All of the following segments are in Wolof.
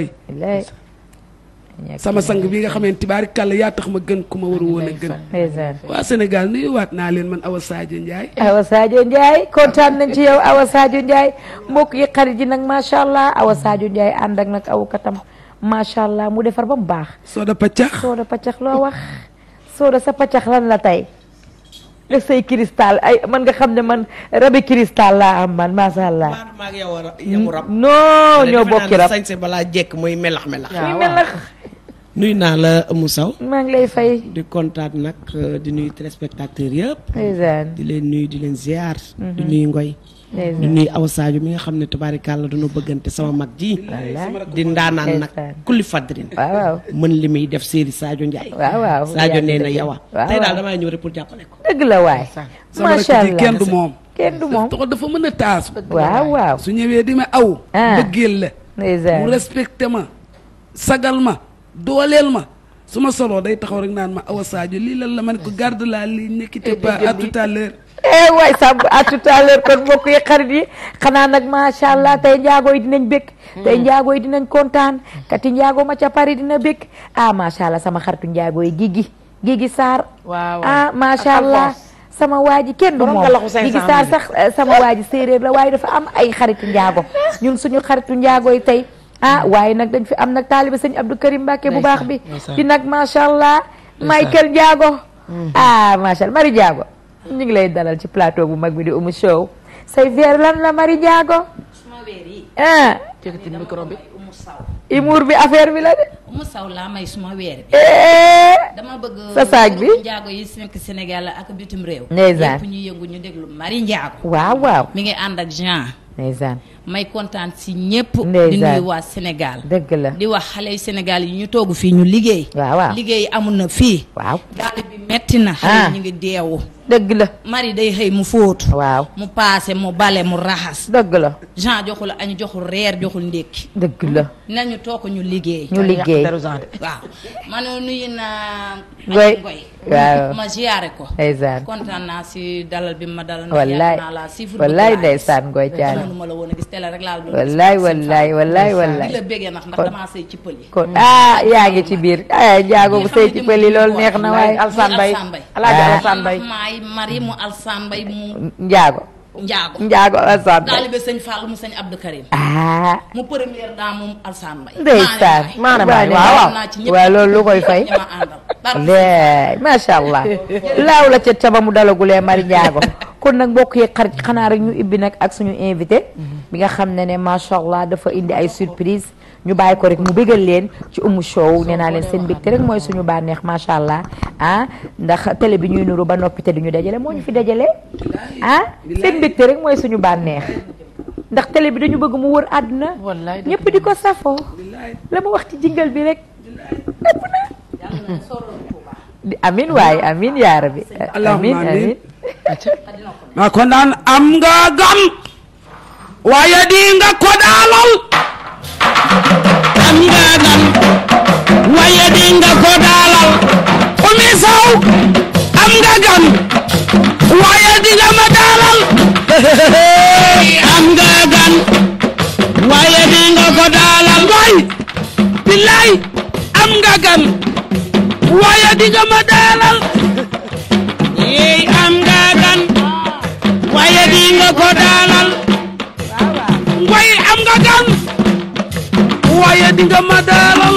doy sama sang bi nga xamante tibaari kàlla ya tax ma gën ku ma war a a gën waa Sénégal nuyuwaat naa leen man Awa saajo Ndiaye Awa Sadio Ndiaye kontaan nañ ci yow Awa Sadio Ndiaye mbokk yi xarit yi nag macha allah Awa Sadio Ndiaye ànd ak nag aw katam macha allah mu defar ba mu baax sooda paccax sooda paccax loo wax sooda sa paccax lan la tey def say cristal ay man nga xam ne man rabi cristal laa am man macha allah. maa ngi yow rab. non ñoo bokki rab sañse balaa jekk muy melax melax. muy melax. naa la Oumou Sow. maa ngi lay fay. di kontaan nag euh, di nuyu téléspectateur yëpp. di leen nuyu di leen ziar. Mm-hmm. di nuyu Ngoy. di nuyu aw saajo mi nga xam ne tubaarikàlla dañoo bëggante sama mag ji. di ndaanaan nag kulli fadrin. mën li muy def séeri Sadio Ndiaye. waaw waaw Sadio nee na yow a. waaw tey daal damaa ñëw rek pour jàppale ko. dëgg la waay. kenn moom. kenn du moom dafa mën a taas. waaw waaw su ñëwee di ma aw. Ah. bëggeel la. mu ma sagal ma dooleel ma. su ma soloo day taxaw rek naan ma awa Sadio lii lan la man ko garde la lii nekkite ba à tout à eh waay Samb à tout à l'heure kon yi xarit yi xanaa nag macha allah tey njaago yi dinañ bëgg. tey njaago yi dinañ kontaan. kati njaago ma ca Paris dina bëgg ah macha sama xaritu njaago yi gigi gigi Sarr. waaw ah macha allah. sama waa ji kenn du moom di gi saar sax eh, sama waa ji séeréer la waaye dafa am ay xaritu njaago ñun suñu xaritu njaago yi tey ah waaye nag dañ fi am nag taaliba sëñ Abdou Karim Mbacke bu baax bi di nag macha allah Michael Njaago mm. ah macha allah Njaago ñu ngi lay dalal ci plateau bu mag bi di Oumou la Marie Diago. suma eh. bi Sow. humour bi affaire bi la de. Oumou Sow laa may suma weer bi. Eh. dama bëgg. sa saag bi Ndiago yi nekk Sénégal ak bitim réew. ndeysaan ñëpp ñu yëngu ñu déglu Marie Ndiago. waaw waaw mi ngi ànd ak Jean. ndeysaan may kontaan si ñëpp. di nuyu waa Sénégal. dëgg la di wax xale yu Sénégal yi ñu toogu fii ñu liggéey. liggéey amul na fii. waaw metti na. xale ah. ñu ngi deewu. dëgg la mari day xëy mu fóotu waaw mu paase mu bale mu raxas dëgg la Jean joxul añ joxul reer joxul ndékki dëgg la nañu toog ñu liggéey ñu liggéey waaw mano nuyu naa ngoy waaw ma ziyaare ko ndeysaan kontaan naa si dalal bi ma dalal wallaay naa la si wallaay ndeysaan ngoy caali la woon gis rek laa doon wallaay wallaay wallaay wallaay la bégee nag ndax damaa sëy ci pël yi kon ah a Mbay Mari mu Alsan Mbay mu. Njaago. Njaago Njaago mu sëñ Abdou Karim. ah. mu première dame moom Alsan Mbay. waaw waaw waaw fay. léegi macha allah. laaw la ca caba mu dalagulee Mari Njaago. kon nag mbokk yi xarit xanaa rek ñu ibbi nag ak suñu invité. bi mm-hmm. nga xam ne ne macha allah dafa indi ay surprise. ñu bàyyi ko rek mu bégal leen ci umu show nee naa leen seen mbégte rek mooy suñu bànneex macha allah ah ndax télé bi ñuy nuru ba noppi te duñu dajale moo ñu fi dajale ah seen mbégte rek mooy suñu bànneex ndax télé bi dañu bëgg mu wër àdduna ñëpp di ko safoo la ma wax ci jingal bi rek ëpp na am nga gam waaye di nga nga ko daalal Oumy Sow am nga gan waaye dinga ma daalal am nga gan waaye dinga ko daalal waay billaay am nga gan waaye dinga ma daalal yey am nga gan waaye dinga ko daalal waaye am nga gan waaye dinga ma daalal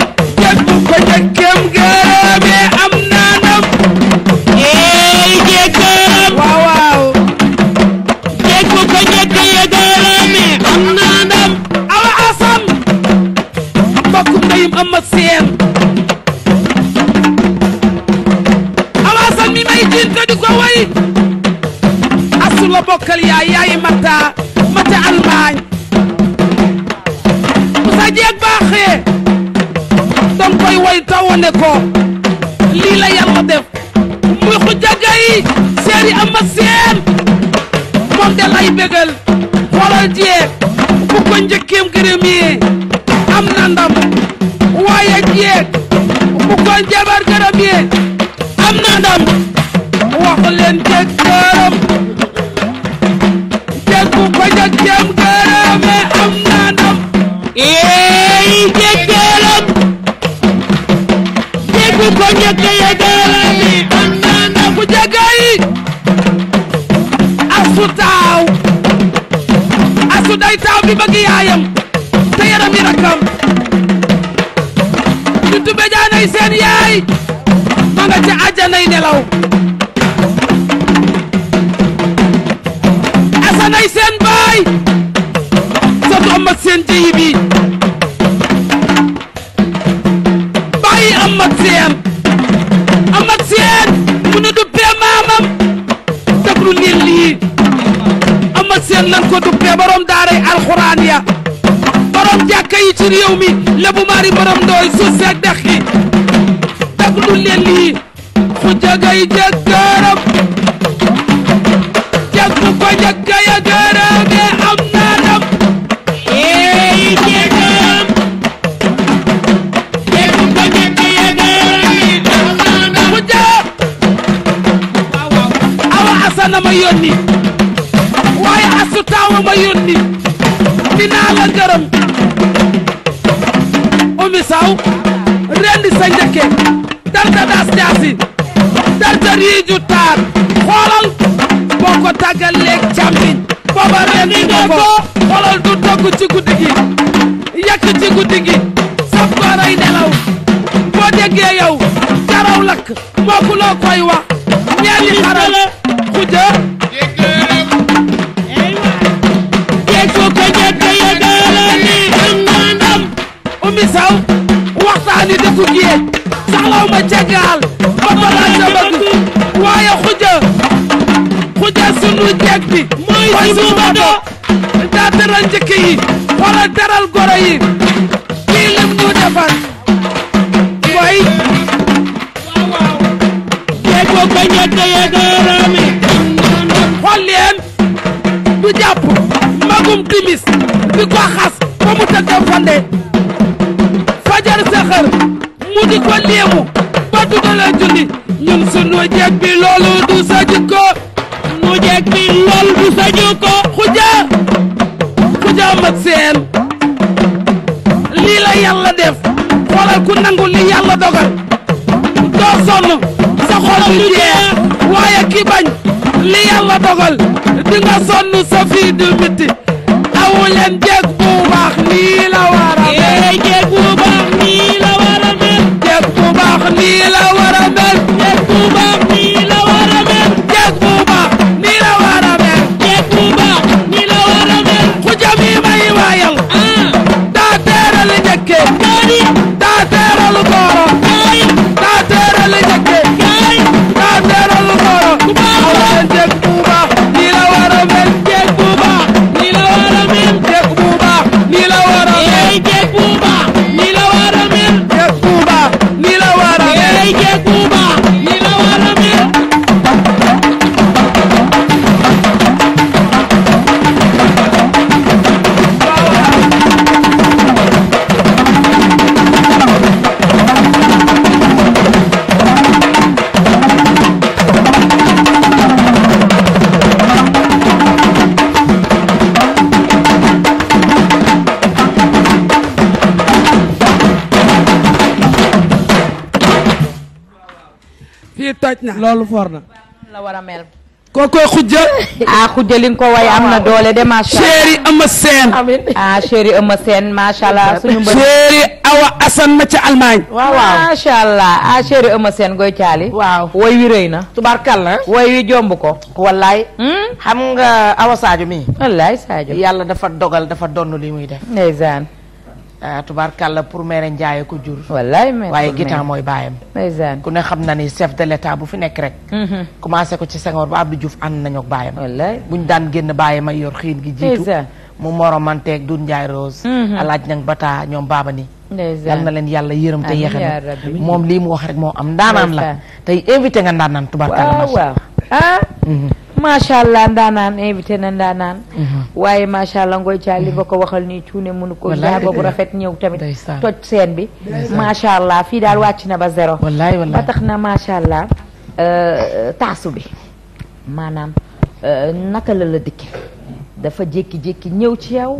wane lii la yàlla def muy xujjaga yi seeri ama seen moom de lay bégal xoolal jeeg ko njëkkeem gërëm yee ngir mari borom ndooy suuf seeg dex gi daglu leen lii xu jagay jëkkëram am naa dam eey jëkkëram jag mu ko awa asana ma goro yi kii lim ñu defar koy kee ko ko ñett yee doorami xool du jàpp magum timis di ko xas ba mu tëdd fonde fajar saxar mu di ko léemu ba tuddala julli ñun sunu jeeg bi loolu du sa jikko mu bi loolu du sa ma dogal di nga sonn sa fii na loolu foor la war a mel. koo xujja. ah xujja li nga ko way am na doole de macha allah a Ama Ama Sène macha allah suñu mbëri. chéri Awa Assane ma ca Allemagne. allah ah chéri Ama Sène goy caali. waaw woy wi rëy na. tubaarkàlla. woy wi jomb ko. wallaay. Hmm? xam nga Awa Sadio mii. wallaay Sadio. yàlla dafa dogal dafa donn li muy def. ndeysaan. Euh, tubaarkàlla pour maire Ndiaye ko jur. wallaay maire waaye Guitan mooy baayam. ndeysaan ku ne xam na ni chef de bu fi nekk rek. Mhm. commencé ko ci Senghor ba Abdou juuf ànd nañu ak baayam. bu ñu daan génn baayam ay yor xiin gi jiitu. mu moromanteeg Doudou Ndiaye Rose. Mhm. alaaj nag bataa ñoom baaba ni yal na leen yàlla yërëm te yeexal moom lii mu wax rek moo am ndaanaan la tey invité nga ndaanaan tubaarkàlla. waaw waaw ah. Mhm. macha allah ndaanaan invité na ndaanaan. Mhm. waaye macha allah ngoy caa li nga mhm. ko waxal nii cuune mënu ko. wallaay dëgg bu rafet ñëw tamit. toj seen bi. macha allah fii daal mhm. wàcc na ba zéro. wallaay wallaay ba tax na macha allah euh, taasu bi maanaam euh, naka la la dikki dafa jékki-jékki ñëw ci yow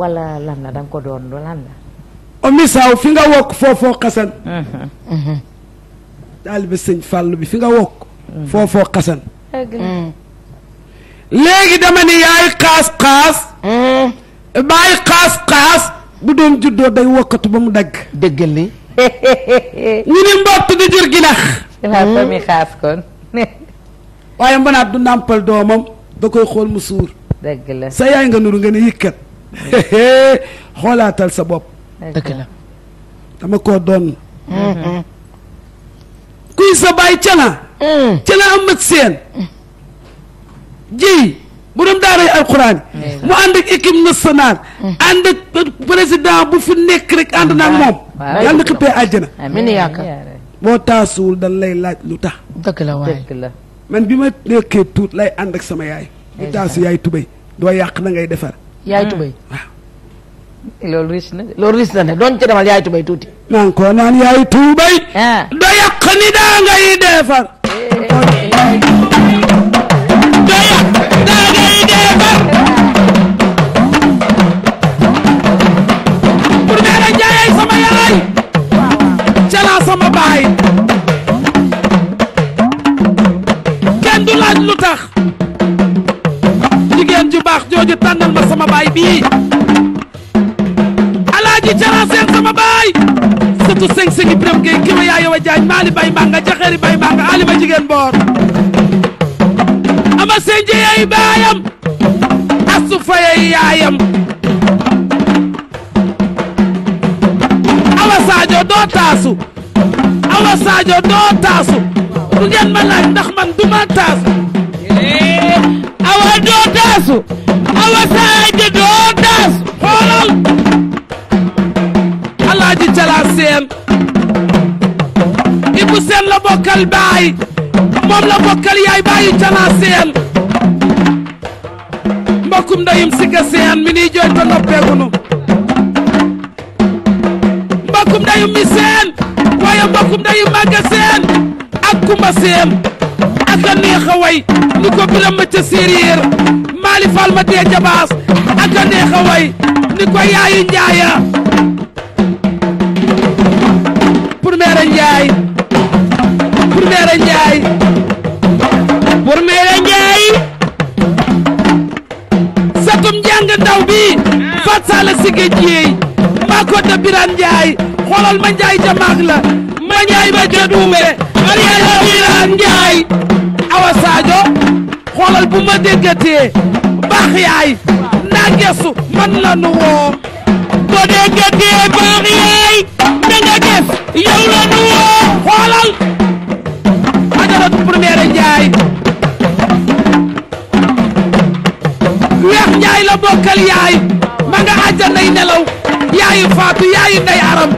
wala lan la da ko doon lan la. omi fi nga wokk foofoo xasan. taalibe sëñ Fàllu bi fi nga wokk. foofoo xasan. léegi dama ni yaay xaas-xaas hmm. baay xaas-xaas bu doon juddoo day wokkatu ba mu dagg dëggal li ñu ni mbott di jur ginax c'est hmm. waaye mbanaat du nàmpal doomam da koy xool mu suur dëgg la sa yaay nga nuru nga ne yëkkat xoolaatal sa bopp dëgg la dama koo doon hmm. kuy sa baay cana cana amat seen bu borom daaray alquran mu ànd ak équipe nationale. Mm. ànd ak président bu fi nekk rek ànd naa moom. waaw yàlla na xippee àjjana. amiin yaakaar boo taasuwul dañ lay laaj lu tax. dëgg la waay man bi ma nekkee tuut lay ànd sama yaay. du taasu yaay tubéy doo yàq na ngay defar. yaay tubéy mm. waaw. na loolu riis na ne doon ci demal yaay ah. ni daa ngay defar. Eh, eh, eh. jooju tànnal ma sama baay bii alaaji jaraaseen sama baay surtout sëñ sëñ Ibrahima Gueye ki ma yaa yow a jaañ maali bay manga jaxeeri manga ali ba jigéen boor ama sëñ jeeyaay baayam fayay yaayam awa Sadio doo taasu awa Sadio doo taasu du ngeen ma man du ma taasu awa doo taasu awa Sadio doo taasu xoolal alaaji cala seen Ibu la bokkal baay moom la bokkal yaay baayu cala mbokkum ndeyum Siga Seyaan mi nii jooy te noppeegunu mbokkum ndeyum mi seen waaye mbokkum ndeyum Màgga Seen ak Kumba Seen ak a neex a way ni ko biram ma ca séeréer Maali Faal ma dee jabaas ak a neex way ni ko yaayu Njaaya pour Njaay pour Njaay sala sige jiey maa ko da biran njaay xoolal ma njaay ja maag la ma njaay ba ja duume mariama biran njaay awa sadio xoolal bu ma déggatee baax yaay naa gesu man la nu woo boo déggatee baax yaay na nga def yow la nu woo xoolal ajaratu première njaay weex njaay la bokkal yaay àjjanay nelaw yaayu faatu yaayu ndey aram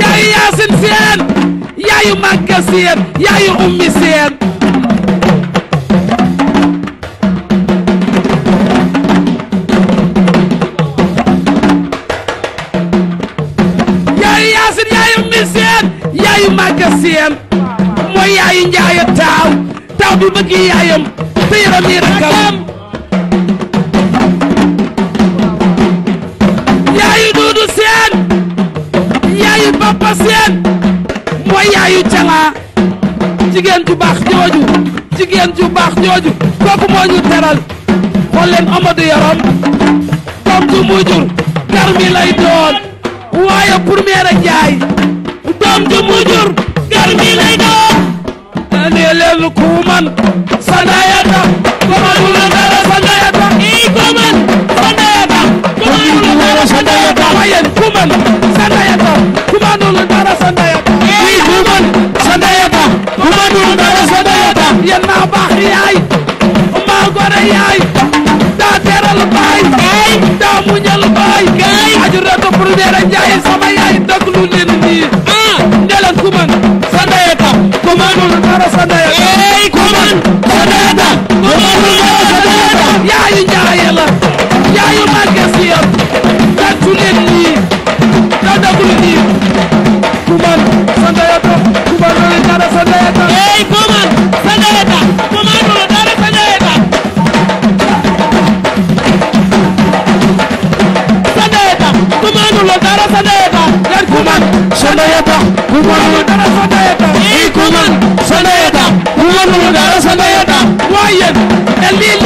yaayu yaasin seen yaayu màgga seen yaayu ummi seen yaayu yaasin yaayu ummi seen yaayu màgga seen mooy yaayu njaaya taaw taaw bi bëgg yaayam te yaram yi rakkam moo ñu teral xool leen Yaram doom ju mu jur lay doon waaye première jaay doom ju mu jur lay doon. nee leen ku man gore yaay daa teral baay baay daa muñal baay gaay aju rek ko pour jaay sama yaay déglu leen nii ah ne leen ku mën sa ndeye tam ku mënul dara sa ndeye tam ku mën sa ndeye tam ku waaye yéen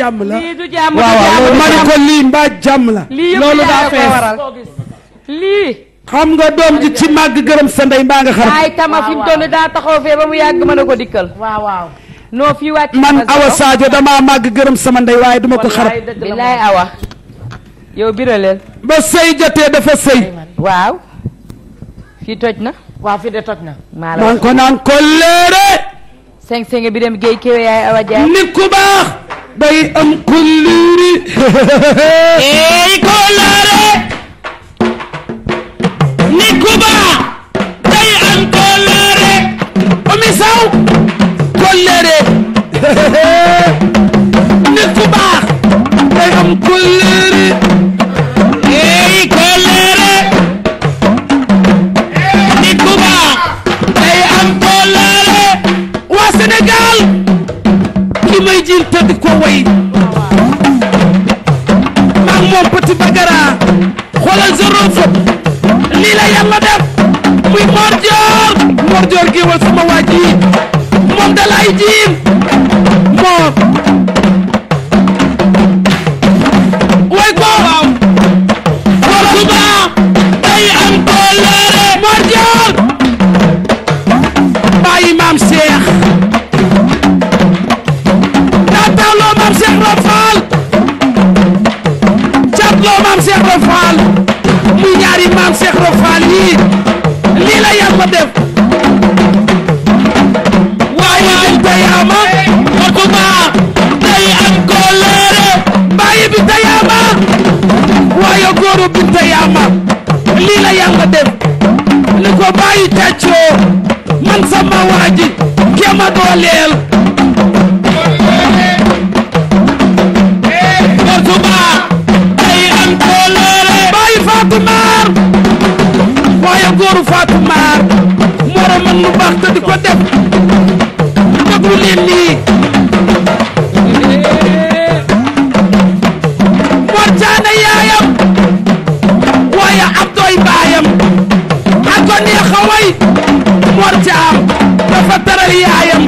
jàmm la lii la waaw ma ne ko lii mbaa jàmm la. loolu daa fees lii. xam nga doom ji ci màgg gërëm sa ndey mbaa nga xaram. ba mu yàgg a ko dikkal. waaw waaw. non fii wàcc man awa Sadio damaa màgg gërëm sama ndey waaye duma ko xarab. billaay awa. yow ba sëy jotee dafa sëy. waaw. fii toj na. waaw ko naan ko léere. bi dem Guèye Kéwé yaay awa Dia. nit ku baax. day am kóllëre. neex a way Mor Thiam dafa teral yaayam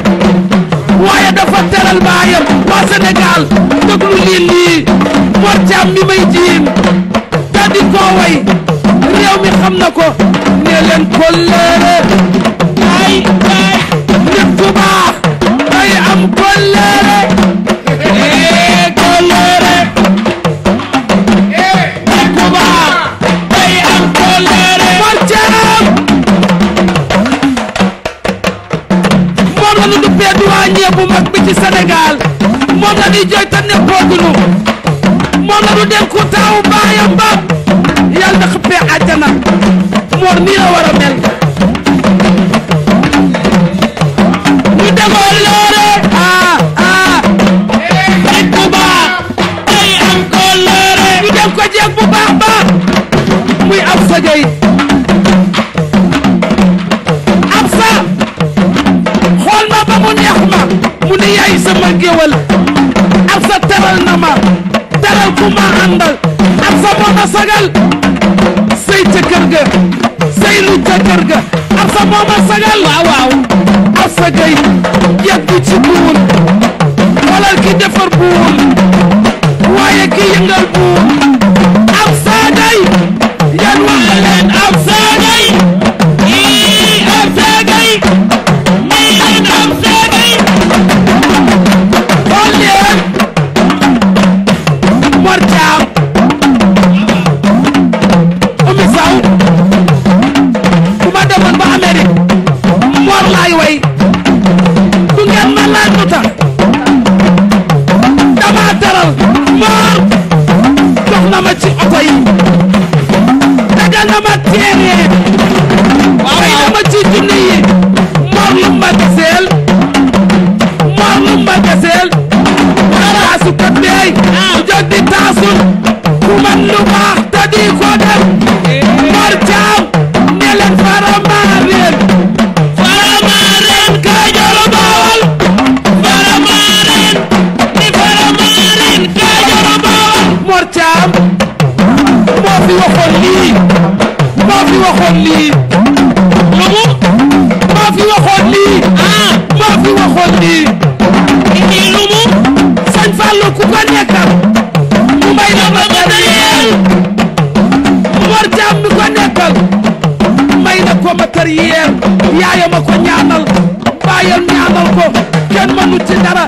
waaye dafa teral baayam waa Sénégal déglu lii lii Mor Thiam mi may jiin daal di ko way mi xam na ko ne leen ko ku ma sagal sëy ca ga ci buur xoolal ki defar buur waaye ki yëngal buur yeer yaayam a ko ñaanal baayam ñaanal ko kenn mënu ci dara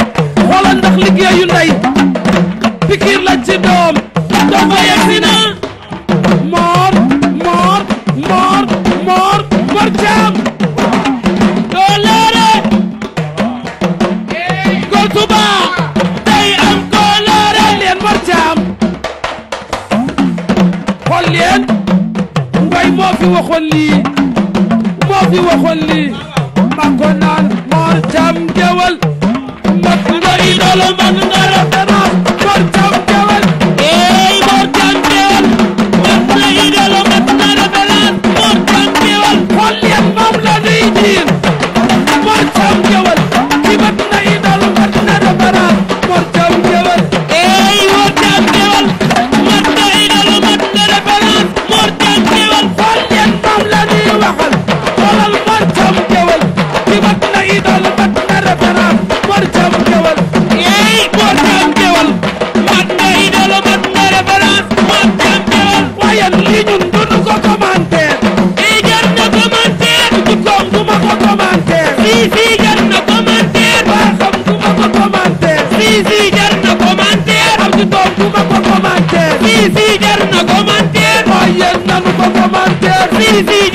Merci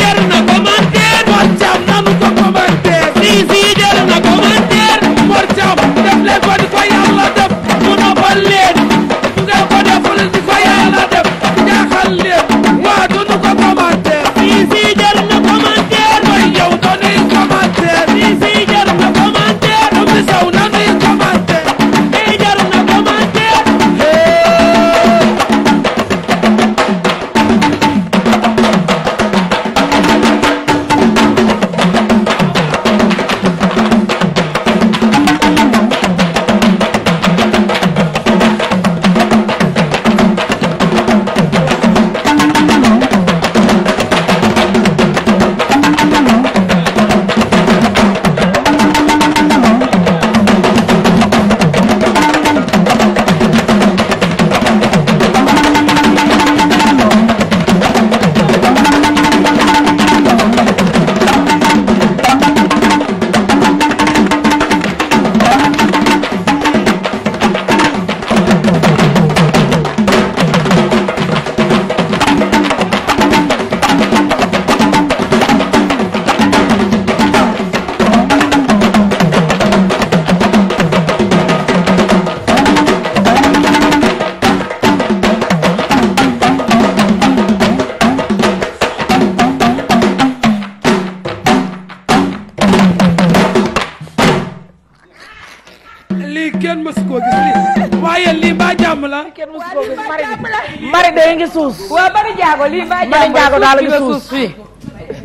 suus. waaw bari njaago lii baa njaago daal ñu suus fii.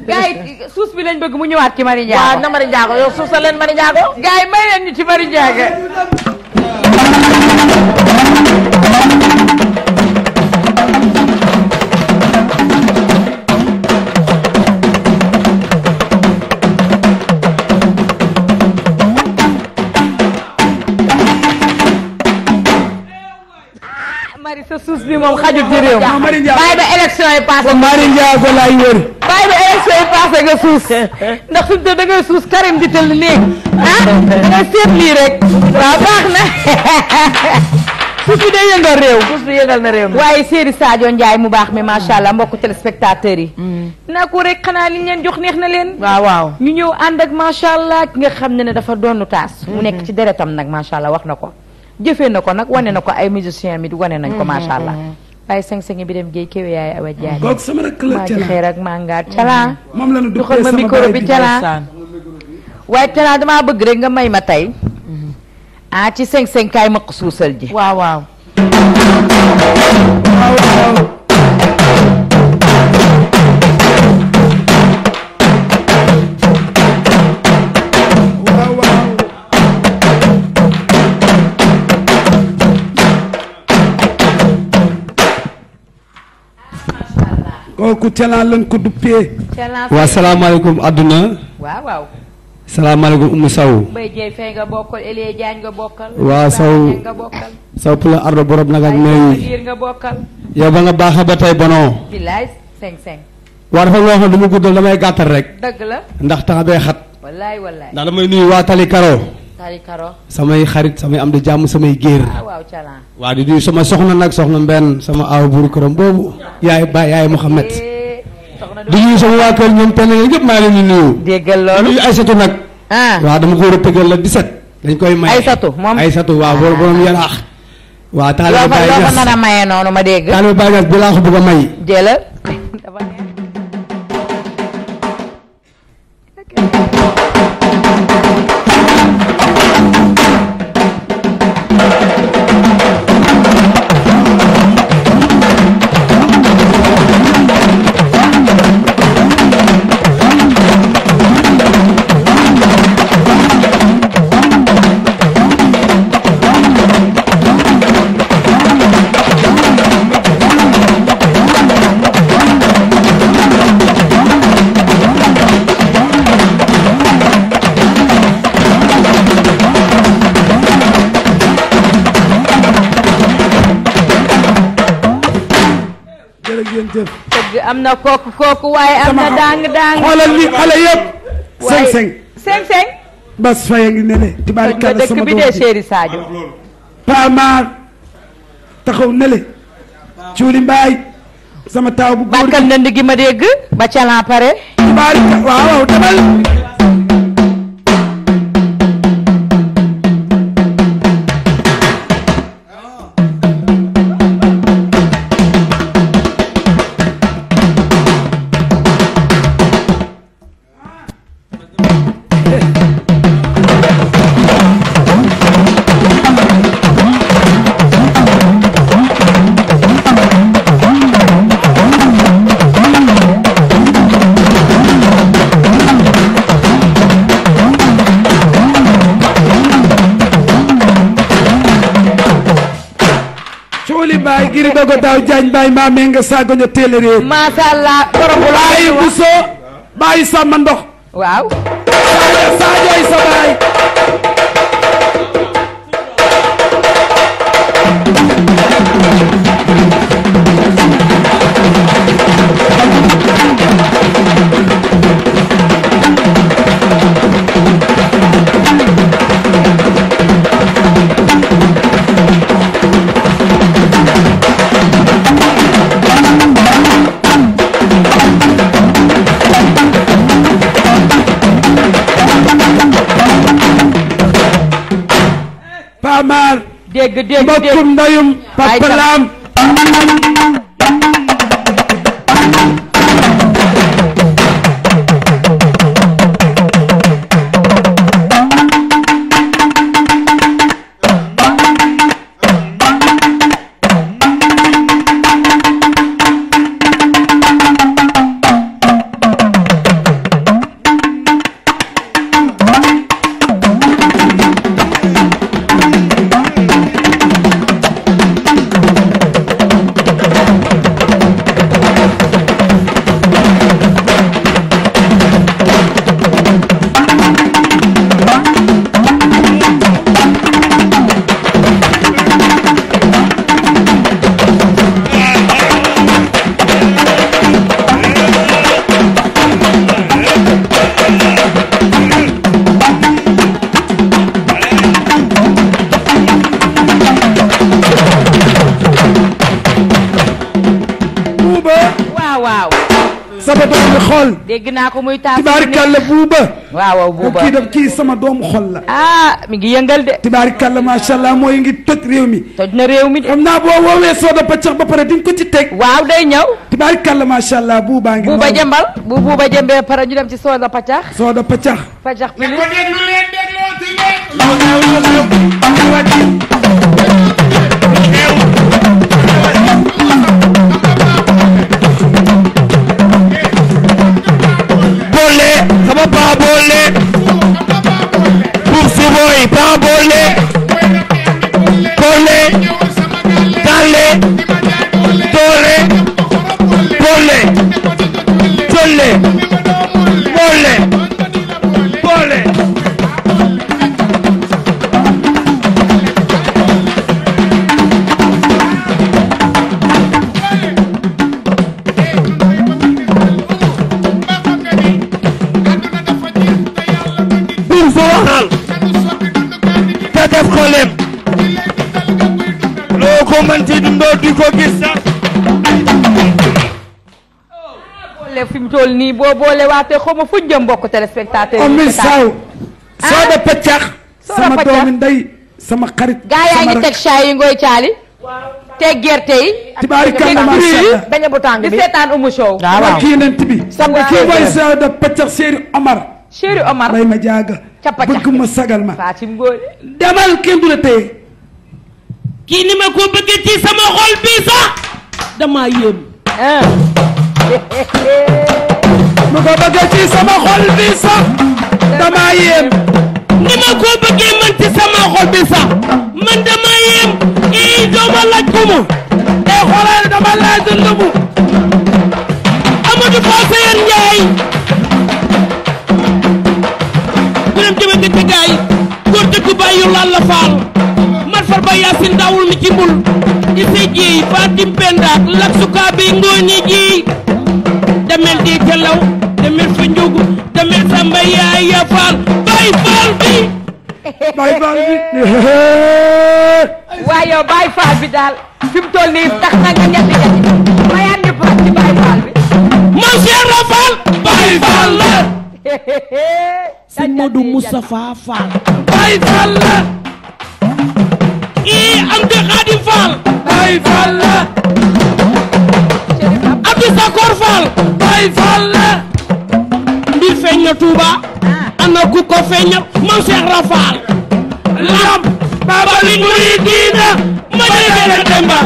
gars suus bi lañ bëgg mu ñëwaat ci mari njaago. waaw na mari njaago yow suusal leen mari njaago. gars yi ci mari njaago. bi moom xajul ci réew mi bàyyi ko laay wër. bàyyi ba élection yi passé nga suus ndax suñu te da ngay suus Karim di tëll léegi ah da seet lii rek waaw baax na. suuf bi day yëngal réew suuf bi yëngal na réew mi waaye séeri Sadio Ndiaye mu baax mi macha allah mbokku téléspectateurs yi. Mm. naa ko rek xanaa li ñu jox neex na leen. waaw waaw ñu ñëw ànd ak macha allah ki nga xam ne ne dafa doonu taas. mu nekk ci deretam nag macha allah wax na ko. jëfee na ko nag wane na ko ay musicien mi wane nañ ko mm-hmm. macha allah. waaye sëñ-sëñ bi dem géej kéwé yaay awa jaay. kooku sama rek la maa ci xeer ak maa ngaar calaa. Mm-hmm. moom la ñu duppee sama micro bi calaa. waaye calaa damaa bëgg rek nga may ma tey. Mm-hmm. ah ci sëñ-sëñ kaay ma ko suusal ji. waaw. kooku Thiala lañ ko duppee. Thiala waaw salaamaaleykum àdduna waaw waaw. salaamaaleykum Oumou Sow. Mbaye Dieye Faye nga bokkal Elie Diagne nga bokkal. waaw pour la ardo borom nag ak meey. nga yow ba nga baaxee ba tey bonoo. bilaay dafa loo xam ne ma guddal damay gàttal rek. dëgg ndax temps bee xat. wallaay ndax damay nuyu waa Tali tari karo samay xarit samay am di jàmm samay géer ah, waaw di nuyu sama soxna nag soxna mbenn sama aaw buuru këram boobu yaay baay yaay Mouhamed eh, di nuyu sama waa kër ñoom penn ñëpp maa leen di nuyu déggal loolu nuyu nag ah. waaw dama ko war a tëggal la 17 dañ koy maye Aysatu moom Aysatu boobu ah. borom yaraax waaw taaliba Baye Niass loo bu laa ko bëgg may am na kooku kooku waaye am na daang daang xoolal li xale yëpp seng seng bas faya ngi ne le tabaarkalla sama dëkk bi de chéri Sadio paamaar taxaw ne le mbaay sama taaw bu góor gi bàkkal na ndigi ma ba calan pare tabaarkalla waaw waaw Njaay maa menga saago ña téele réew masha Allah bàyyi buso bàyyi sàmma ndox waaw saajo sa baay dégg dégg mbokkum ndayum papalaam dégg naa ko muy taal. buuba. waaw buuba kii sama doomu xol la. ah mi ngi yëngal mooy ngi toj réew mi. toj na réew mi de. xam naa boo sooda paccax ba pare di nga ko ci teg. waaw day ñëw. tubaarikàlla macha allah buuba ngi. buuba jëmbal bu buuba jëmbee pare ñu dem ci sooda paccax. sooda paccax. paccax bi. ko gis sax. boole fi mu toll nii boo boole waatee xaw ma fu jëm mbokk téléspectateur. Oumy Sow. ah Soda Paccax. sama doomi ndey sama xarit. sama gaa yaa ngi teg saa yi ngoy caali. teg gerte yi. tibaari kàlla macha allah bañ a bu tàng di seetaan Omar. Seydou Omar Ray ma jaaga. bëgg ma sagal ma. Fatim Ngor. la téye. kii ni ma ko bëggee ci sama xol bi sax dama yéem nu ko bëggee ci sama xol bi sax dama yéem ni ma ko bëggee man ci sama xol bi sax man dama yéem ii dooma laaj ku mu ee xoolal dama laaj lumu Amadou Ba Seyeen Njaay bu dem jëme nga tegaay góor dëggu bàyyi laal la faal Farba Yasin dawul mi jimbul ise jeey fatim pendak lak sukaabe ngooñi jeey demel dee jalaw demel fa njugu demel samba yaay ya faal bay faal bi waaye yow bay faal bi daal fi mu toll nii tax na nga bay faal bi mon cher la faal bay faal bay faal la ii am di Xaadim Fall Baay Fall la Abdou Sakor Fall Baay Fall la mbir feeñ na ah. ana ku ko feeñal Maam Cheikh Rafal lam baba li muridiina ma jege Demba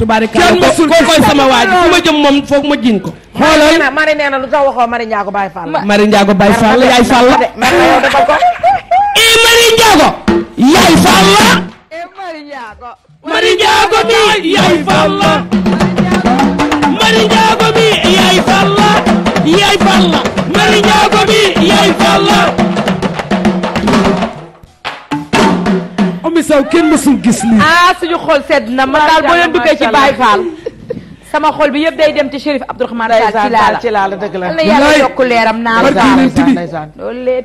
tubaarikàlla koo koy sama waaj fu ma jëm moom foog ko. xoolal Marie nee lu tax waxoo Marie Ndiago Baye Fall. Marie Ndiago Baye Fall yaay Fall la. eh Marie Ndiago. yaay Fall la. Marie Ndiago mi yaay Fall la. Marie Ndiago mi yaay Fall la. yaay Fall la. Marie Oumy Sow kenn mësul gis lii. ah suñu xol sedd na ma daal boo leen duggee ci Baye sama xol bi yëpp day dem ci Chérif Abdourahmane Sall ci laa la dëgg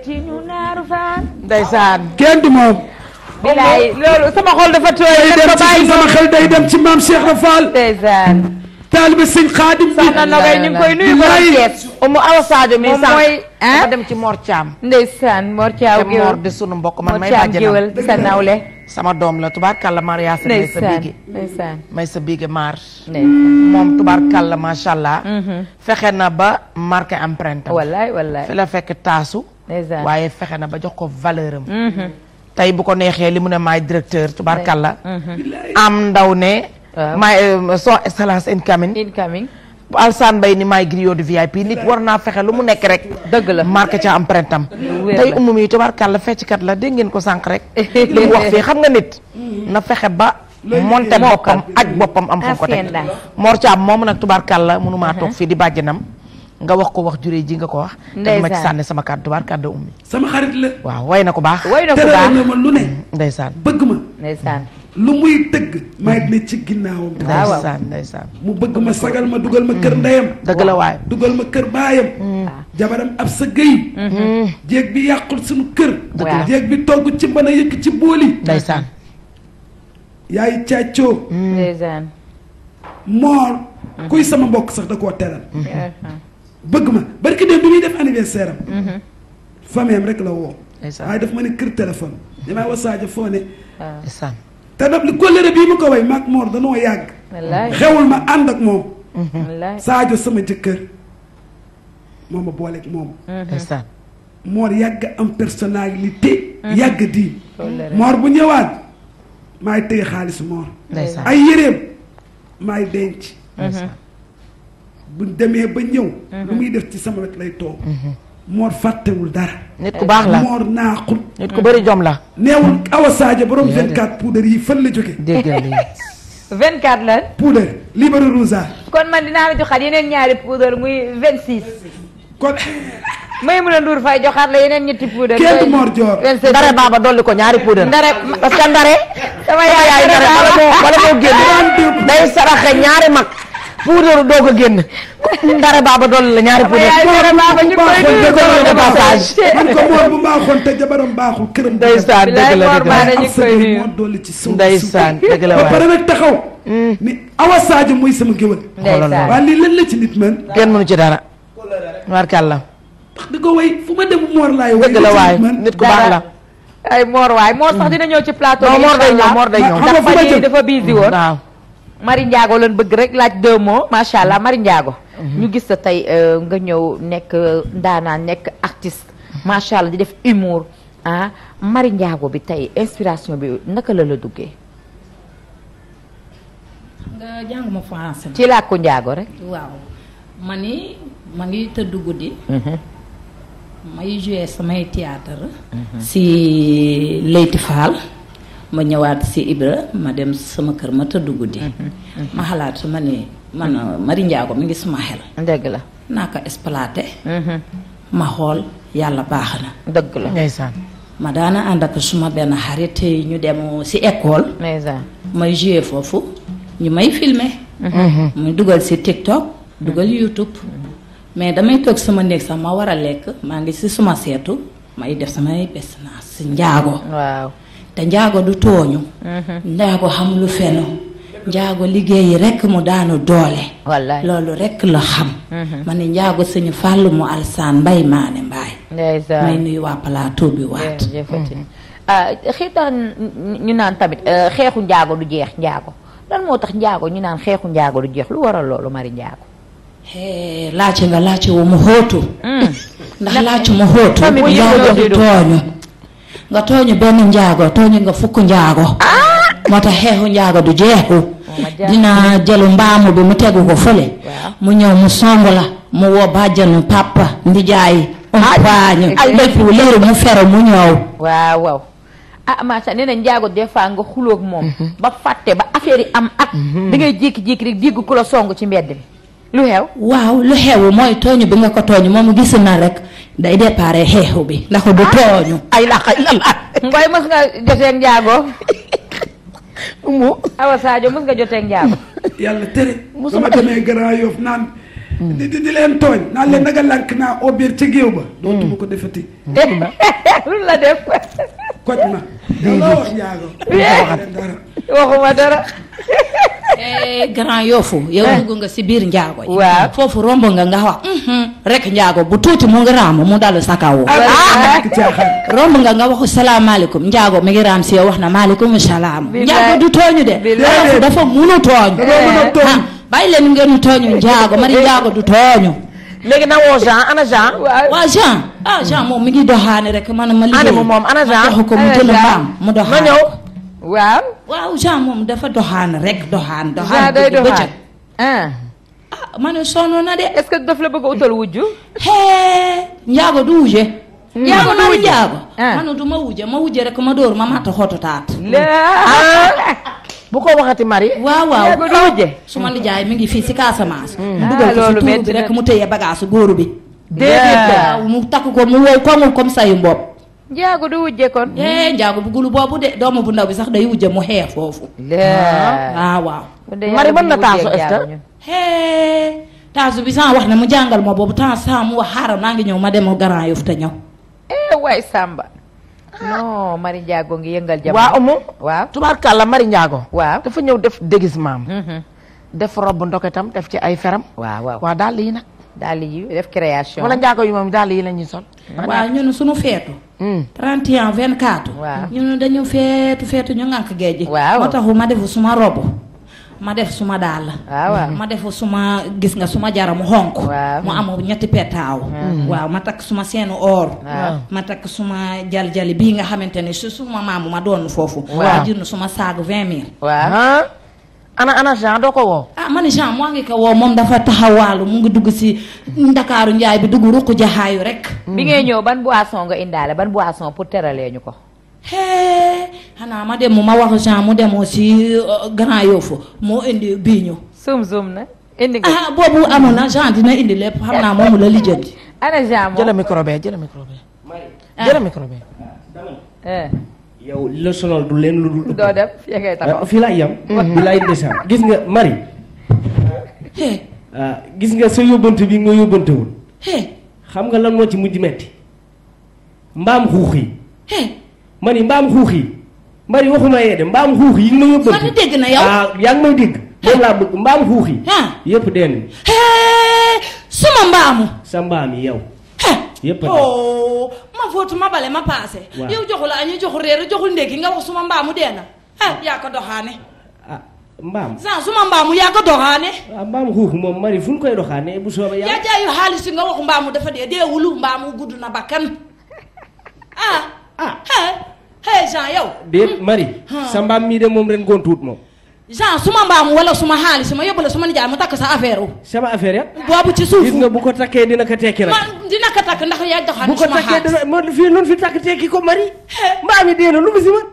ci ñu naaru saan ndeysaan moom sama xol dafa dem ci sama day dem taalibe sëñ xaadim bi soxna Nogay ci Mor Thiam ndeysaan Mor Thiam te Mor mbokk man may bàjjanam sa sama doom la tubaarkàlla Maria sa may sa biige may sa biige maar moom allah mm-hmm. fexe na ba marqué empreinte wallaay wallaay la fekk taasu waaye fexe na ba jox ko valeur am mm-hmm. bu ko neexee li mu ne maay directeur tubaarkàlla mm-hmm. am ndaw ne Euh, my euh, son excellence incoming incoming Alsaan Mbaye ni maay griot de VIP nit war naa fexe lu mu nekk rek. dëgg la marqué ca empreinte am. tey umu mi tubaarkàlla fecckat la dégg ngeen ko sànq rek. li mu wax fii xam nga nit. na fexe ba. monte boppam ak boppam am fu ko teg. Mor Thiam moom nag tubaarkàlla mënumaa uh-huh. toog fii di nam nga wax ko wax juree ji nga ko wax. ndeysaan ma sànni sama kàddu tubaarkàlla ummi. sama xarit la. waaw way na ko baax. way na ko baax lu ne. ndeysaan bëgg ma lu muy tëgg maa ngi ne ci ginnaawam. ndeysaan ndeysaan mu bëgg ma sagal ma dugal ma kër mm. ndeyam. dëgg la waay dugal ma kër baayam. Mm. Ah. jabaram ab sa gëy. Mm-hmm. jéeg bi yàqul suñu kër. dëgg bi togg ci mën a yëkk ci booli. ndeysaan. yaay càccoo. Mm. ndeysaan. moor. Mm-hmm. kuy sama mbokk sax da koo teral. Mm-hmm. bëgg ma barki dem bi muy def anniversaire am. fameem rek la woo. waaye daf ma ne kër téléphone. damaa wasaaja foo ne. Ah. ndeysaan. te daf li kóllëre bii mu ko way mag moor danoo yàgg xewul ma ànd ak moom Sadio sama jëkkër moo ma booleeg moom moor mhm. yàgg am personnalité mhm. yàgg di moor bu ñëwaat maay téye xaalis moor ay yéreem maay denc mhm. buñ demee ba ñëw lu muy def ci sama wet lay toog moor fàttewul dara. nit ku baax la moor naaqul. nit ku bëri jom la. neewul Awa Sadio borom 24 poudre yi fan la jógee. dégg nga lii. 24 lan. poudre libéré rousa. kon man dinaa la joxaat yeneen ñaari poudre muy 26. kon. may mën a nduur fay joxaat la yeneen ñetti poudre. kenn moor joor ndare baaba dolli ko ñaari poudre. ndare parce que ndare. sama yaay ndare wala moo génn day saraxe ñaari mag. puudar doog a génn ndara baaba dool la ñaari puudar man ko moor bu baaxoon te jabaram baaxul këram ndeysaan dëgg la dëgg la dolli ci suuf ndeysaan dëgg la waay ba pare nag taxaw mm. ni awa Sadio mooy sama géwël waaye lii lan la ci nit man kenn mënu ci dara warkàlla ndax di ko way fu ma dem moor laay way dëgg la waay nit ku baax la ay moor waay moor sax dina ñëw ci plateau moor day ñëw moor day ñëw ndax dafa busy woon waaw Marie Ndiago lan bëgg rek laaj deux mots macha allah Marie Ndiago. Mhm. ñu gis sa tey euh, nga ñëw nekk euh, ndaanaan nekk artiste. macha allah di def humour ah Marie Ndiago bi tey inspiration bi naka la la duggee. nga jànguma français. ci làkku rek. waaw ma ni ma ngi tëdd guddi. Mhm. may joué samay théâtre. Mhm. si Leyti Fall. ma ñëwaat si Ibra ma dem sama kër ma dugg guddi. Mhm, mhm. ma xalaat su ma ne man Mari Njaago mi ngi suma xel. dëgg la naa ko exploité. Mhm. ma xool yàlla baax na. dëgg la ndeysaan. ma daana ànd ak suma benn xarit ñu dem si école. ndeysaan may joué foofu ñu may filme mu dugal si TikTok dugal YouTube. mais damay toog sama néeg sax ma war a lekk maa ngi si suma seetu may def samay personnage si Njaago. te njaago du tooñu mhm. njaago xam lu fenu njaago liggéeyi rekk mu daanu doole loolu rekk la xam mhm. ma ne njaago suñu fàll mu alsaan mbay maane mbaay may nuyu waa plateau bi waat mhm. ah, xii naan tamit euh, xeexu njaago du jeex njaago lan moo tax njaago ñu naan xeexu njaago du jeex lu waral loolu mari njaago eh, laaj nga laaj wu mu xóotu mm. ndax laaj mu xóotu njaago du tooñu nga tooñu benn njaago tooñu nga fukk njaago moo tax xeexu njaago ah! du jeexu oh, dina jëlu mbaamu bi mu tegu ko fële mu ñëw mu song la mu woo bàjjanu papa ndijaay umpaañu lépp léeru mu fero mu ñëw waaw waaw ah macha nee na njaago des nga xuloog moom mhm. ba fàtte ba affaire yi am at mhm. da ngay jékki-jékki rek dégg ku la song ci mbedd mi lu xew waaw lu xew mooy tooñu bi nga ko tooñu moom gis na rek day déparé xeexu bi ndax du ah, tooñu. ay la ay la la. Ngoy mës nga joteeg njaago. mu nga joteeg njaago. yàlla tere. musuma demee Grand Yoff naan. Hmm. di di leen tooñ. naan leen naga lank naa au biir ca géew ba. Hmm. dootuma ko defati. lu la def. koj ma. la wax njaago. waxuma dara. Eh, grand yoofu yow eh. dugg nga si biir njaago yi waaw foofu romb nga nga wax rek njaago bu tuuti mu ngi raam mu dalu sa kaw romb nga nga waxu salaamaaleykum njaago mi ngi raam si yow wax na maaleykum salaam njaago du tooñu de yoofu dafa munu tooñ eh. ah, bàyyi tooñu njaago mari njaago du tooñu léegi na woo Jean ana ah, Jean. moom mi ngi doxaane rek man ma liggéey. ana moom ana Jean mu doxaane. ma ñëw. waaw. waaw Jean moom dafa doxaan rek doxaan. doxaan day doxaan ah. ah. ma ne sonn na de. est-ce que daf la bëgg a utal wujju. njaago du wuje. Hmm. njaago du wuje njaago. Ah. ma ne du ma wuje ma wuje rek ma door ma matt xottu taat. bu ko waxati mari. waaw waaw su ma nijaay mi ngi fii si Casamance. Hmm. mu ah, dugal ko si tuur bi rek mu téye bagaasu góoru bi. mu takk ko mu wéy koŋul comme sayu mbopp. njaago du wujje kon. Eh, njaago bu gulu boobu de doomu bu ndaw bi sax day wujje mu xeer foofu. Ah, ah waaw. mari mën na taasu est eh, taasu bi sans wax ne mu jàngal ma boobu temps sans mu wax xaaral maa ngi ñëw ma demoo Grand Yoff te ñëw. eh waay Samba. non Marie Ndiago ngi yëngal jamono. waaw amoo. waaw dafa ñëw def déguisement am. Mm-hmm. def robe ndoketam def ci ay feram. waaw waaw daal lii nag. dàll yi def création. wala njaago yi moom dàll yi la ñuy sol. waaw ñun suñu feetu. 31 hmm. 24. waaw ñun dañu feetu feetu ñu ngànk géej. waaw moo taxu ma defu suma robu. ma def suma daal la ma def suma gis nga suma jaramu xonk mu amu ñetti petaaw hmm. waaw ma takk suma seenu or ma takk suma jaljali bii nga xamante ne su suma maamu ma doon foofu ma jënd suma saagu vingt mille ana ana Jean doo ko woo. ah man Jean moo ngi ko woo moom dafa taxawaalu mu ngi dugg si ndakaaru njaay bi dugg ruq jaxaayu rek. Mm. bi ngay ñëw ban bu boisson nga indaale ban boisson pour teralee ñu ko. hee xanaa ma dem mu ma wax Jean mu demoo si euh, Grand Yoff moo indi bii ñu. sum na indi nga. Ah, boobu amoon na Jean dina indi lépp xam naa moom la lijjanti. ana Jean moom jëla micro bee yow li la lu dul. doo dem fii ngay taxaw ah, mm-hmm. fii laay yam. fii laay desaan gis nga Marie. Ah, gis nga sa yóbbante bi nga yóbbantewul. xam nga lan moo ci mujj metti mbaam xuux yi. ma ni xuux yi. Marie waxuma yee de mbaam xuux yi nga ma yóbbante. fan dégg na yow ah yaa ngi may dégg. moom laa bëgg mbaam xuux yi. yëpp dee nañu. suma sa mbaam yi yow. yëpp a sama fóotu ma bale ma paase. yow joxu la añu joxu réer joxul ndékki nga wax eh, ah. ah, suma mbaamu ah, dee na ah yaa ko doxaane. ah mbaam. sans suma mbaamu yaa ko doxaane. waaw mbaamu xuuxu moom mari fu ñu koy doxaane bu soobee yàlla. yaa jaayu xaalis nga waxu mbaamu dafa dee deewulu mbaamu gudd na bakkan ah. ah hey hey yow. déet hmm. mari sa mbaam mii de moom ren gontuut moom. Jean su ma mbaam wala su ma xaalis ma yóbbu la su ma nijaay mu takk sa affaire wu. sama affaire ya. boobu ci suuf bu ko takkee dina ko tekki rek. man dina ko takk ndax yaa joxoon bu ko takkee dina ma fii noonu fi takk tekki ko mari. mbaam yi dee na lu mu si man.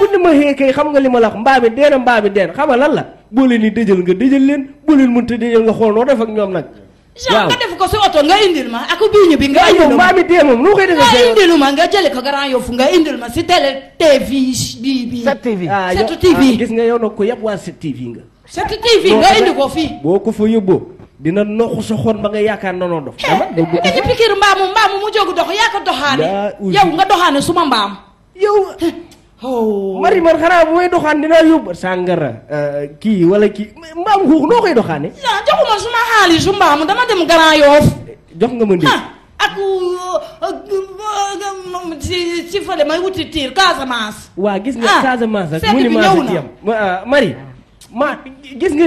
bu ni ma xëyee kay xam nga li ma la wax mbaam yi dee na mbaam yi dee na xam nga lan la. boo leen di dëjël nga dëjël leen boo leen mënta dëjël nga xool noo def ak ñoom nag. waaw nga def ko si oto nga indil ma ak biiñu bi. nga indil ma nga indil ma nga jëlee ko Grand Yoff nga indil ma si télé TV bii bii. set TV ah, ah gis nga yow nag ko yëpp waa set TV nga. set TV nga indi ko fii. boo ko fa yóbboo dina noqu sa xon ba nga yaakaar nanoo dof. dama dégg nga pikir mbaamu mbaamu mu jóg dox yaa ko doxaane. yow nga doxaane suma mbaam. yow oh mari man xanaa bu may doxaan dinaa yóbbu sàngara euh, kii wala kii mbaam xuux noo koy doxaane. ah dem Grand Yoff. nga ma ndéy. Ah, ak euh, si si fële may wuti tiir Casamance. waa gis nga ah, Casamance ak. mu ni maa sa tiyam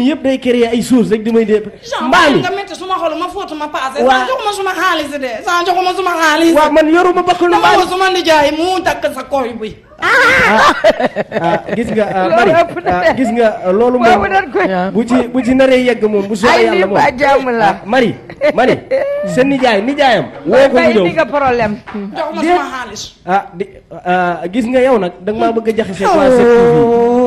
yëpp day ay sources rek damay dee. mbaali nga métti suma ma fóotu ma paase. waaw saa joxuma suma xaalis de saa joxuma suma xaalis. waaw man yoruma bakkanu mbaali dama mu takk sa koy bi. Ah, ah, gis nga bari ah, gis nga uh, loolu moom bu ci bu ci naree yegg moom bu soobee yàlla moom jàmm la mari mari seen nijaay nijaayam woo ko mu ñëw nga problème jox ma sama xaalis ah gis nga yow nag danga maa bëgg a jaxase oh, waa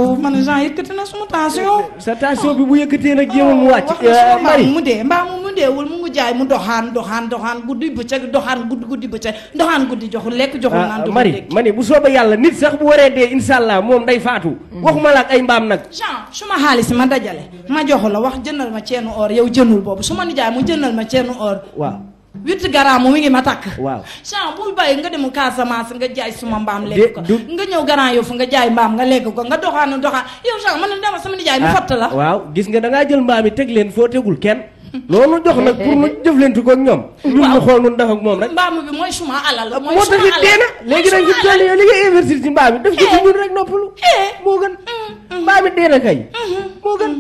Sept TV man Jean yëkkati na suma tension sa tension bi bu yëkkatee nag jéemal mu wàcc mari mu tuddeewul mu ngi jaay mu doxaan doxaan doxaan guddi bëccëg doxaan guddi guddi bëccëg doxaan guddi joxul lekk joxul ah, naan joxul mari mani bu sooba yàlla nit sax bu waree dee insha allah moom day faatu mm-hmm. waxuma la ak ay mbaam nag Jean su ma xaalis ma dajale ma la wax jëndal ma ceenu or yow jëndul boobu su ma nijaay mu ma ceenu or waaw huit garaamu mi ngi ma takk. waaw Jean bul bàyyi nga dem Casamance nga jaay suma eh, mbaam lekk ko. nga ñëw Grand Yoff nga jaay mbaam nga lekk ko nga doxaanu doxaan yow Jean man dama sama nijaay mu ah, fatt la. waaw gis nga da jël mbaam yi teg leen foo tegul kenn. loolu jox nag pour mu jëflante ko ak ñoom. waaw ñu xool nun def ak moom rek. mbaamu bi mooy suma alal la. suma alal moo tax it na léegi nag ñu li ngay investir ci mbaam yi def ko eh. ci ñun rek noppalu. Eh. moo gën mm, mm. mbaam yi dee na kay. Mm, moo gën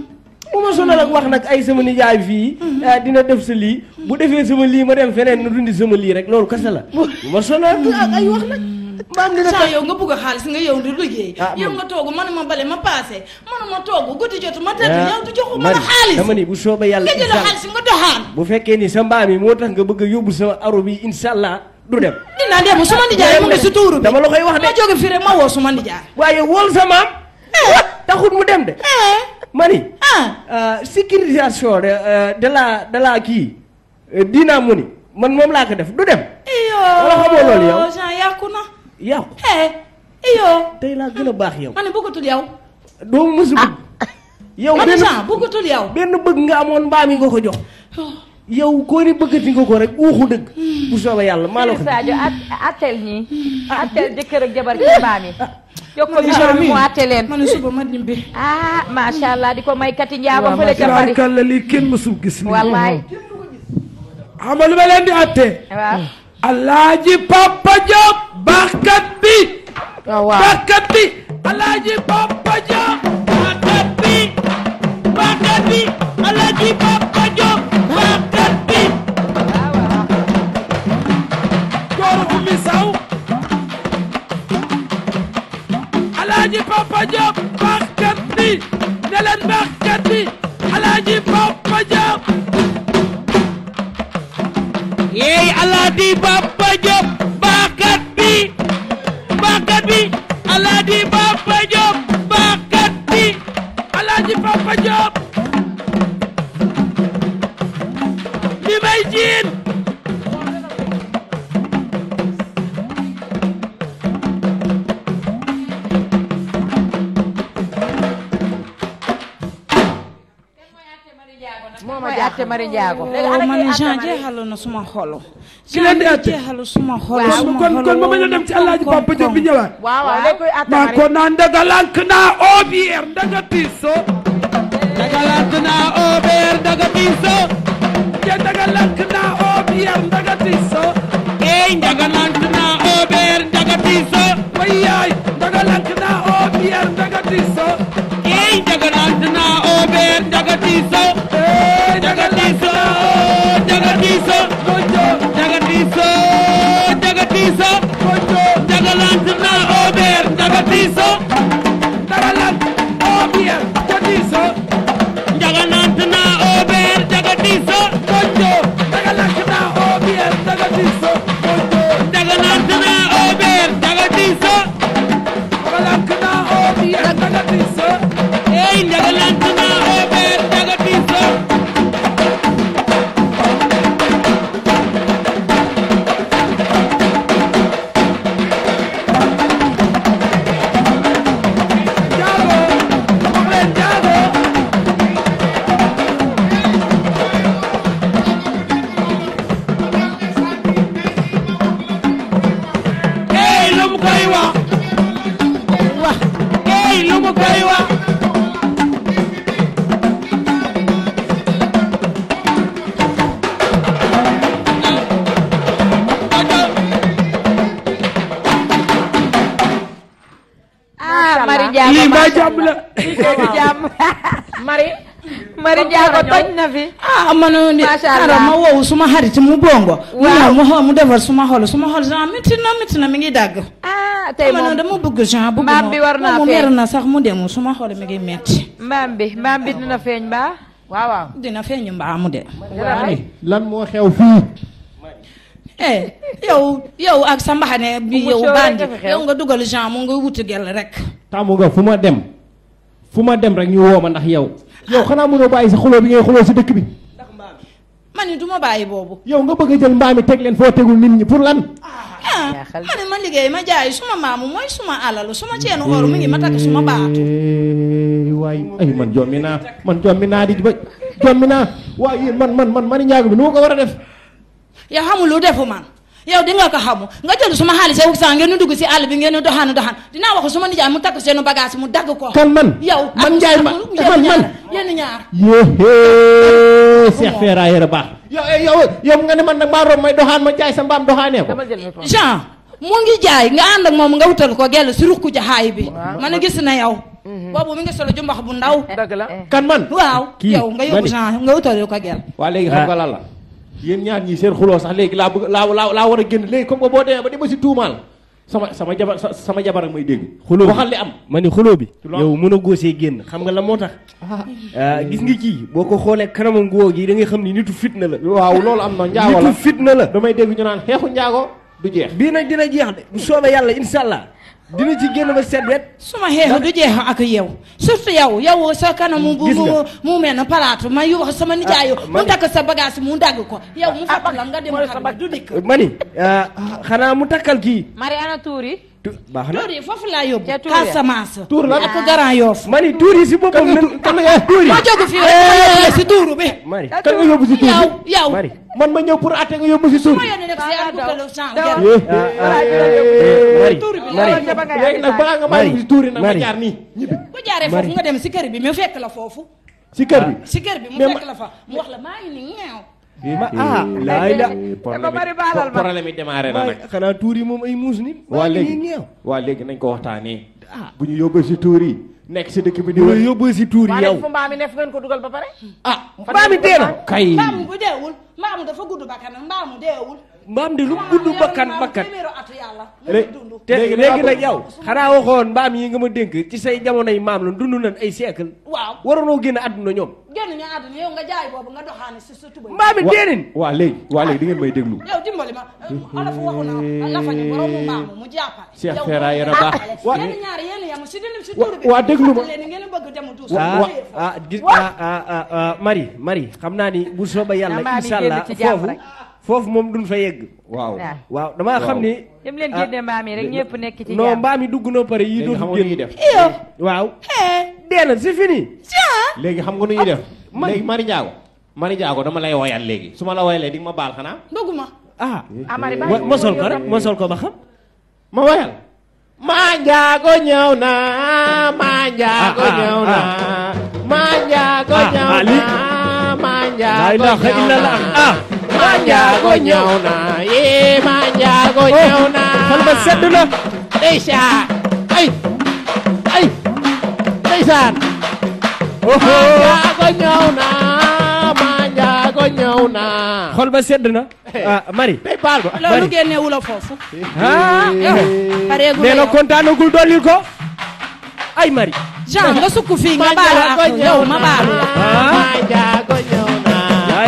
mu ma sonal ak wax nag ay sama nijaay fii. Eh, dina def sa lii bu defee sama lii ma dem feneen na dundi sama lii rek loolu kese la. bu ma sonal ak ay wax nag. maam li nga yow nga bugg a xaalis nga yow du liggéey. Ah, yow nga toogu man ma bale ma paase man ma toogu guddi jot ma tëdd ah, yow du joxu ma la xaalis dama ni bu soobee yàlla nga jël xaalis nga doxaan bu fekkee ni sa mbaam yi moo tax nga bëgg a yóbbu sama aro bi incha allah du dem dinaa dem su ma nijaay mu ngi si tuuru dama la koy wax de ma jóge fii rek ma woo su ma nijaay waaye wool sa maam eh. taxut dem de eh. mani ah. euh, sécurisation euh, de la de la kii euh, dinaa mu man moom laa ko def du dem wala xamoo loolu na yow. Eh, eh, yow. tey laa gën a baax yow. ma ne bëggatul yow. doo mës a bëgg. Ah. yow benn benn bëgg nga amoon mbaam yi nga ko jox. Oh. yow koo ni bëggati nga ko rek uuxu dëgg. Hmm. bu soobee yàlla maa la ko. Sadio attel ñii. Hmm. Ah. attel jëkkër ak jabar ci mbaam ah. ma ne suba ma dimbi ah macha allah di ko may kati njaaba fële ca Paris waaw la lii kenn mësul gis. wallaay. xam nga lu ma leen di àtte. waaw. alaaji papa Diop. baaxkat bi. Ah, waaw bi. alaaji Papa Diop. bi. baaxkat bi. alaaji Papa Diop. bi. waaw waaw. bi. alaaji Papa Diop. alaaji Papa Marie Ndiago. léegi oh, man Jean jeexalu na suma xolu. ki leen di àtte jeexalu suma xolu. suma kon kon ma bañ a dem ci Alaaji Papa Diop bi ñëwaat. waaw waaw léegi koy àtte Marie. maa ko naan ndaga lànk naa OBR ndaga piso. ndaga lànk naa OBR ndaga piso. te ndaga lànk naa OBR ndaga piso. ey ndaga lànk naa OBR ndaga piso. way yaay ndaga lànk naa OBR ndaga piso. ey ndaga lànk naa OBR ndaga piso. Tiso jagalante na Ober Njaga Tiso toj na fi ah ma uh, ne xaaral ma woowu suma xarit mu bongo. waaw mu xool mu defar suma xol suma xol genre miti na miti na mi ngi dàgg. ah tey moom ma ne dama bëgg genre. bëgg maam bi war naa feeñ mu mer na sax mu dem suma xol mi ngi metti. maam bi maam bi dina feeñ mbaa. waaw waaw dina feeñ mbaa mu de. lan moo xew fii. eh yow yow ak sa mbaxane bi yow bandi yow nga dugal genre mu nga wuti gel rek. tàmm nga fu ma dem fu ma dem rek ñu woo ma ndax yow. yow xanaa mënoo bàyyi sa xuloo bi ngay xuloo si dëkk bi. man ni du ma bàyyi boobu. yow nga bëgg a jël mbaam mi teg leen foo tegul nit ñi pour lan. ah, ah man ma liggéey ma jaay suma maamu mooy suma alalu suma ceenu oor mi ngi ma takk suma baatu. Eh, man jommi naa man jommi naa di ba jommi naa waaye man man man man njaago bi nu ma ko war a def. yow xamul lu defu man. yow di nga ko xamu nga jël suma xaalis yow sax ngeen dugg si àll bi ngeen doxaanu doxaan dinaa wax suma nijaay mu takk seenu bagage mu dagg ko. kan man yow man Ndiaye ma man man yéen ñaar. yéen Cheikh Feera yére baax. yow eh, yow yow nga ne man nag maa romb may doxaan ma jaay sa mbaam doxaanee ko. Jean mu ngi jaay nga ànd ak moom nga wutal ko gell si ruq jaxaay bi. man a gis na yow. Mhm. boobu mi ngi solo jumbax bu ndaw. dëgg la kan man. waaw yow nga yóbbu Jean nga wutal ko gell. waa léegi xam la. yéen ñaar ñii seen xuloo sax léegi laa bëgg laa laa war a génn léegi comme que boo demee ba di ma si tuumaal sama sama jabar sama jabar ak may dégg. xuloo bi waxal li am ma ni xuloo bi. yow mën a see génn xam nga la moo tax. Ah. Ah, gis nga ci boo ko xoolee kanamu ngoo gi dangay xam ni nitu fitna la. waaw loolu am na njaago fitna la. damay dégg ñu naan xeexu njaago du jeex. bii nag dina jeex de bu soobee yàlla incha allah dina ci génn ba seet wet. su ma xeex du jeex ak yow surtout yow yow sa kanam bu mu mu mel ne ma yu wax sama ah, nijaay mu takk sa bagage mu dagg ko. yow mu fàttali la nga dem xam du dikk. mani ah, xanaa mu takkal kii. Mariana Touré. baax na tuur yi foofu laa yóbbu. ca Casamance. tuur la ak Grand Yoff. ma ni tuur yi si boppam nan kan la ma jóg si tuuru bi. mari yóbbu si tuur bi yow yow. man ma ñëw pour àtte nga yóbbu si suuf. mari mari léegi nag balaa nga bàyyi si tuur yi nag ma jaar nii. foofu si kër bi mu fekk la foofu. si kër bi si kër bi mu fekk la fa mu wax la maa ngi nii bii eh, ma eh, ah. Eh, laay la problème yi démarré na nag. xanaa tuur yi moom ay muus nit. waa léegi waa nañ ko waxtaanee. ah bu ñu yóbboo si tuur yi. nekk si dëkk bi di wër yóbboo si tuur yi yow. mbaam mi neef ngeen ko dugal ba pare. ah mbaam mi dee na. kay mbaam bu deewul mbaam dafa gudd ba kanam mbaam deewul. mbaam di lu mu gudd bakkan bakkan léegi nag yow xanaa waxoon mbaam yi nga ma dénk ci say jamonoy maam la dund nañ ay siècle waaw waroonoo génn àdduna ñoom génn ñu àdduna yow nga jaay boobu nga doxaane si yi déeneen waaw léegi déglu ma alafu waxu na la mu jàppale Cheikh Fera yéen a baax yéen ñaar yéen yamu si ma leen xam naa ni bu sooba yàlla inshallah foofu foofu moom duñ fa yegg. waaw waaw damaa xam ni. dem leen génne ah, mbaam yi rek ñëpp nekk ci. non mbaam yi dugg na pare yi dootu génn def. waaw. dee na c'est fini. léegi xam nga nu ñuy ah, def. man léegi Mari Ndiago. Mari Ndiago dama lay woyal léegi su ma la woyalee di nga ma baal xanaa. ndoguma. ah, ah ma sol ko rek ma sol ko ba xam. ma woyal. maa njaago ñëw na maa njaago ñëw na maa njaago ñëw na maa njaago ñëw na ma njaago ñëw na yee ma njaago ñëw na xol ba sedd na ndeysaan ay ay ndeysaan ma njaago ñëw na ma njaago ñëw na xol ba sedd na ah Marie day baal ba loolu génne wu la foofu ah pareegu nee na kontaanagul dolli ko ay Marie Jean nga sukk fii nga baalu ak yow ma baalu la ma njaago ñëw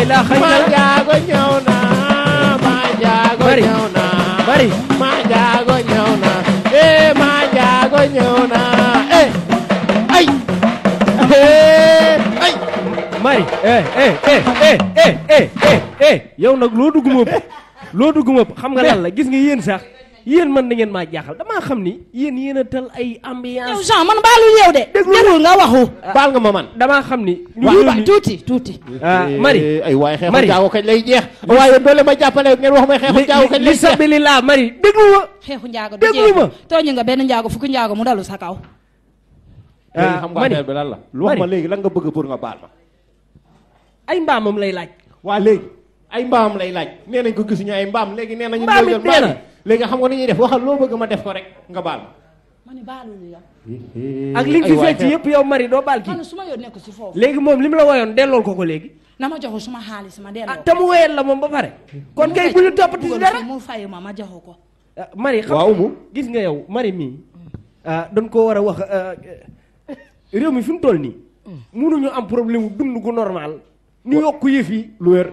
mari eh eh eh eh eh eh yow nag loo dugg dugg xam nga lan gis nga yéen sax yéen man na ngeen maa jaaxal damaa xam ni yéen yéen a tal ay ambiance. yow Jean man baalu yow de. déglu nga waxu. baal nga ma man damaa xam ni. ñu tuuti tuuti. Ah, eh, Marie ay waaye xeexu jaago kañ lay jeex. waaye doole ma jàppale ngeen wax may xeexu jaago kañ ma. xeexu njaago du jeex déglu ma. tooñu nga benn njaago fukk njaago mu dalu sa kaw. Ah, xam nga affaire bi la. lu wax ma léegi lan nga bëgg pour nga baal ma. ay mbaamam lay laaj. waa léegi ay mbaam lay laaj nee nañ ko gisuñu ay mbaam léegi nee nañu. mbaam it léegi xam nga ni ñuy def waxal loo bëgg ma def ko rek nga baal. ma ne baaluñu yow. ak li nga fi fecc yëpp yow Marie doo baal kii. su ma nekk si foofu. léegi moom li mu la woyoon dellool ko ko léegi. na ma joxo suma xaalis ma delloo. ah te mu woyal la moom ba pare. kon kay bu ñu toppati si dara mu fay ma ma joxo ko. Ah, Marie xam waaw mu gis nga yow Marie mii ah dañ koo war a wax ah, réew mi fi mu toll nii. munuñu am problème mu dund ko normal. ñu yokk yëf yi lu wér.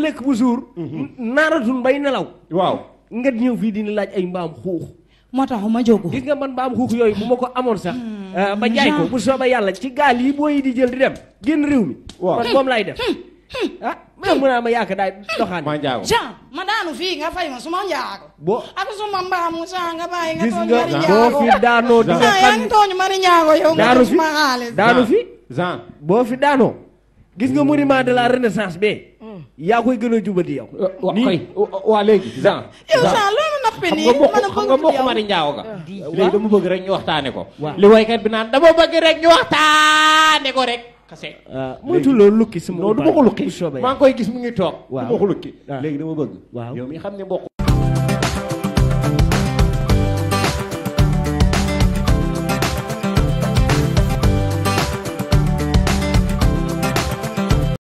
lekk bu suur. Mhm. naanatuñ bay nelaw. waaw. nga ñëw fii dina laaj ay mbaam xuux. moo tax ma jógu gis nga man mbaam xuux yooyu bu ma ko amoon sax. Hmm. Euh, ba jaay ko bu soobee yàlla ci gaal yi booy di jël di dem génn réew mi. laay def. Hmm. Hmm. Ah, ma yaaka daay doxaan. maa njaago Jean ma daanu fii nga fay ma su ma njaago. boo ak su mbaamu saa nga bàyyi nga tooñ mari njaago boo fi daanoo. njaago yow nga def ma xaalis. daanu fi daanu boo fi daanoo. gis nga monument de la renaissance bee. yaa koy gën a jubadi yow. Euh, nii waa léegi Jean. yow Jean loolu noppi nii xam nga bokk ma ni njaaw nga. léegi dama bëgg rek ñu waxtaane ko. li waykat bi naan dama bëgg rek ñu waxtaane ko rek. kase ah, moytu loolu lukki si. du ma ko lukki maa ngi mu ngi toog. waaw du ko lukki ah. léegi dama bëgg. waaw yow xam ne bokk.